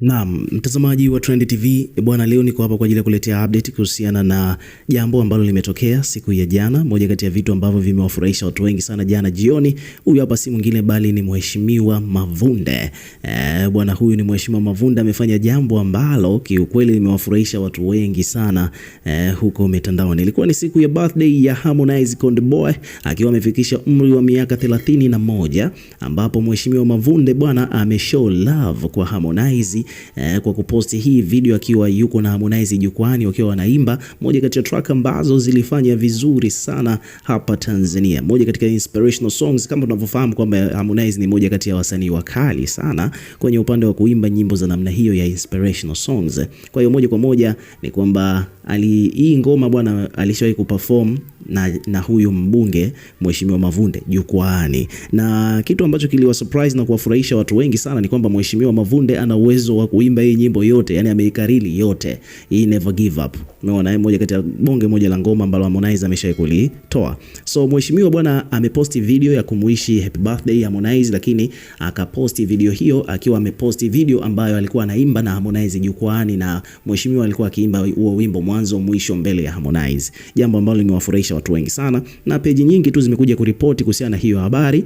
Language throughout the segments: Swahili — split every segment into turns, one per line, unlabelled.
Naam, mtazamaji wa Trend TV eh, bwana, leo niko hapa kwa ajili ya kuletea update kuhusiana na jambo ambalo limetokea siku ya jana, moja kati ya vitu ambavyo vimewafurahisha watu wengi sana jana jioni. Huyu hapa si mwingine bali ni mheshimiwa Mavunde. E, bwana huyu ni mheshimiwa Mavunde amefanya jambo ambalo kiukweli limewafurahisha watu wengi sana e, huko mitandaoni. Ilikuwa ni siku ya birthday ya Harmonize Konde Boy akiwa amefikisha umri wa miaka thelathini na moja ambapo mheshimiwa Mavunde bwana ameshow love kwa Harmonize eh, kwa kuposti hii video akiwa yuko na Harmonize jukwani wakiwa wanaimba moja kati ya track ambazo zilifanya vizuri sana hapa Tanzania, moja kati ya inspirational songs. Kama tunavyofahamu kwamba Harmonize ni moja kati ya wasanii wakali sana kwenye upande wa kuimba nyimbo za namna hiyo ya inspirational songs. Kwa hiyo moja kwa moja ni kwamba ali hii ngoma bwana alishawahi kuperform na, na huyu mbunge Mheshimiwa Mavunde jukwani, na kitu ambacho kiliwa surprise na kuwafurahisha watu wengi sana ni kwamba Mheshimiwa Mavunde ana uwezo wa kuimba hii nyimbo yote, yani ameikarili yote hii Never Give Up. Umeona, eh? moja kati ya bonge moja la ngoma ambalo Harmonize ameshakulitoa. So mheshimiwa bwana ameposti video ya kumuishi happy birthday Harmonize, lakini akaposti video hiyo akiwa ameposti video ambayo alikuwa anaimba na Harmonize jukwaani, na mheshimiwa alikuwa akiimba huo wimbo mwanzo mwisho mbele ya Harmonize, jambo ambalo limewafurahisha watu wengi sana na peji nyingi tu zimekuja kuripoti kuhusiana na hiyo habari.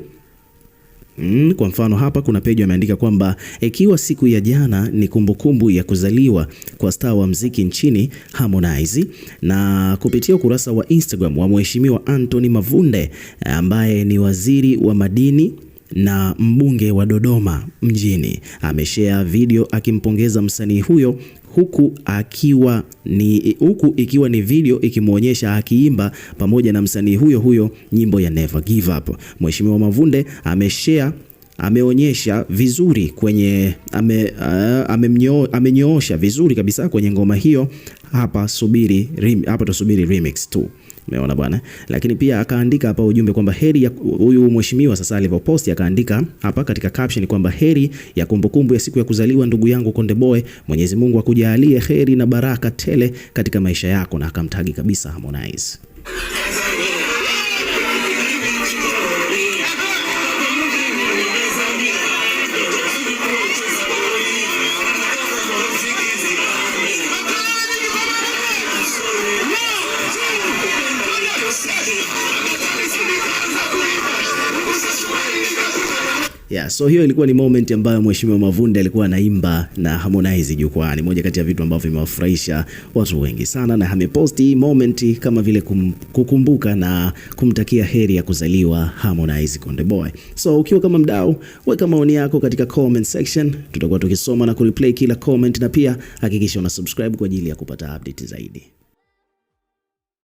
Mm, kwa mfano hapa kuna peji ameandika kwamba ikiwa siku ya jana ni kumbukumbu kumbu ya kuzaliwa kwa star wa mziki nchini Harmonize, na kupitia ukurasa wa Instagram wa Mheshimiwa Anthony Mavunde ambaye ni waziri wa madini na mbunge wa Dodoma mjini ameshare video akimpongeza msanii huyo huku akiwa ni huku ikiwa ni video ikimwonyesha akiimba pamoja na msanii huyo huyo nyimbo ya Never Give Up. Mheshimiwa Mavunde ameshare ameonyesha vizuri kwenye ame, uh, eh, amenyo, amenyoosha vizuri kabisa kwenye ngoma hiyo hapa, subiri rim, hapa tusubiri remix tu. Umeona bwana, lakini pia akaandika hapa ujumbe kwamba heri ya huyu mheshimiwa sasa alivyopost, akaandika hapa katika caption kwamba heri ya kumbukumbu ya siku ya kuzaliwa ndugu yangu Konde Boy, Mwenyezi Mungu akujalie heri na baraka tele katika maisha yako, na akamtagi kabisa Harmonize. Yeah, so hiyo ilikuwa ni moment ambayo Mheshimiwa Mavunde alikuwa anaimba na Harmonize jukwani, moja kati ya vitu ambavyo vimewafurahisha watu wengi sana, na ameposti moment kama vile kum, kukumbuka na kumtakia heri ya kuzaliwa Harmonize Konde Boy. So ukiwa kama mdau, weka maoni yako katika comment section, tutakuwa tukisoma na kureplay kila comment, na pia hakikisha una subscribe kwa ajili ya kupata update zaidi.